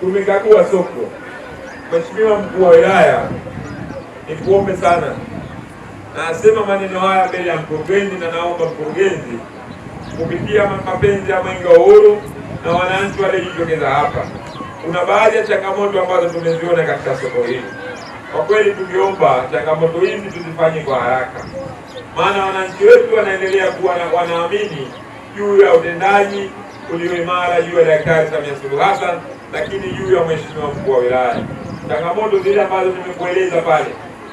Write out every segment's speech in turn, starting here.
tumekagua soko. Mheshimiwa mkuu wa wilaya, nikuombe sana, nasema maneno haya mbele ya mkurugenzi, na naomba mkurugenzi, kupitia mapenzi ya Mwenge wa Uhuru na wananchi waliojitokeza hapa, kuna baadhi ya changamoto ambazo tumeziona katika soko hili. Kwa kweli, tukiomba changamoto hizi tuzifanye kwa haraka, maana wananchi wetu wanaendelea kuwa wanaamini juu ya utendaji ulioimara juu ya Daktari Samia Suluhu Hassan lakini juu ya mheshimiwa mkuu wa wilaya, changamoto zile ambazo nimekueleza pale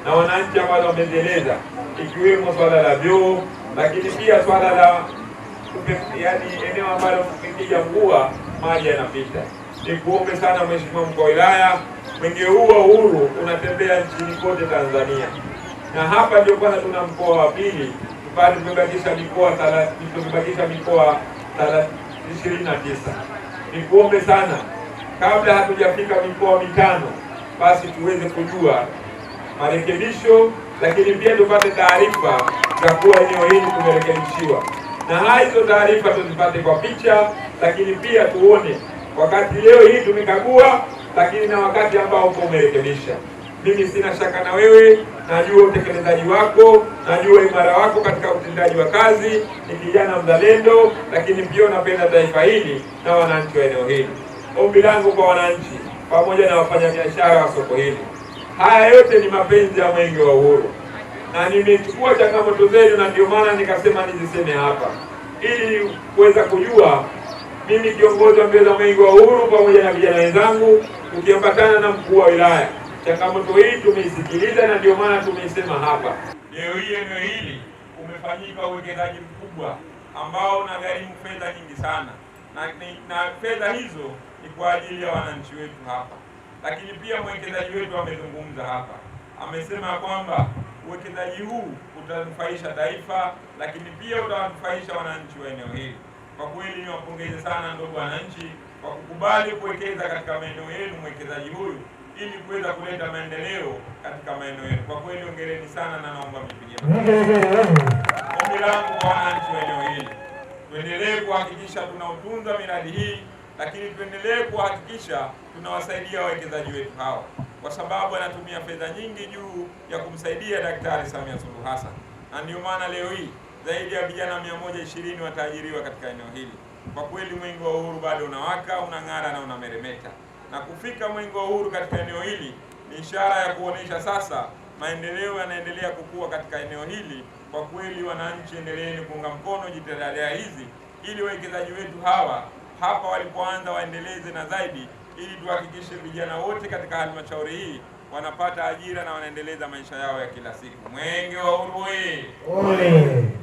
na wananchi ambazo wamezieleza, ikiwemo swala la vyoo, lakini pia swala la yaani eneo ambalo kupitia mvua maji yanapita. Nikuombe sana mheshimiwa mkuu wa wilaya, mwenge huu wa uhuru unatembea nchini kote Tanzania, na hapa ndio kwanza tuna mkoa wa pili bado tumebakisha mikoa tumebakisha mikoa ishirini na tisa. Nikuombe sana kabla hatujafika mikoa mitano, basi tuweze kujua marekebisho, lakini pia tupate taarifa za kuwa eneo hili tumerekebishiwa, na hizo taarifa tuzipate kwa picha, lakini pia tuone wakati leo hii tumekagua, lakini na wakati ambao uko umerekebisha. Mimi sina shaka na wewe, najua utekelezaji wako, najua imara wako katika utendaji wa kazi. Ni kijana mzalendo, lakini pia unapenda taifa hili na wananchi wa eneo hili ombi langu kwa wananchi pamoja na wafanyabiashara wa soko hili, haya yote ni mapenzi ya mwenge wa uhuru, na nimechukua changamoto zenu, na ndio maana nikasema niziseme hapa ili kuweza kujua mimi kiongozi wa mbio za mwenge wa uhuru pamoja na vijana wenzangu tukiambatana na mkuu wa wilaya, changamoto hii tumeisikiliza, na ndio maana tumeisema hapa leo hii. Eneo hili umefanyika uwekezaji mkubwa ambao unagharimu fedha nyingi sana na, na fedha hizo ni kwa ajili ya wananchi wetu hapa. Lakini pia mwekezaji wetu amezungumza hapa, amesema kwamba uwekezaji huu utanufaisha taifa, lakini pia utawanufaisha wananchi wa eneo hili. Kwa kweli niwapongeze sana ndugu wananchi kwa kukubali kuwekeza katika maeneo yenu mwekezaji huyu ili kuweza kuleta maendeleo katika maeneo yenu. Kwa kweli ongereni sana na naomba mipige kuhakikisha tunautunza miradi hii, lakini tuendelee kuhakikisha tunawasaidia wawekezaji wetu hawa, kwa sababu anatumia fedha nyingi juu ya kumsaidia Daktari Samia Suluhu Hassan, na ndio maana leo hii zaidi ya vijana 120 wataajiriwa katika eneo hili. Kwa kweli mwenge wa uhuru bado unawaka, unang'ara na unameremeta, na kufika mwenge wa uhuru katika eneo hili ni ishara ya kuonesha sasa maendeleo yanaendelea kukua katika eneo hili. Kwa kweli, wananchi, endeleeni kuunga mkono jitihada hizi ili wawekezaji wetu hawa hapa walipoanza waendeleze na zaidi, ili tuhakikishe vijana wote katika halmashauri hii wanapata ajira na wanaendeleza maisha yao ya kila siku. Mwenge wa Uhuru!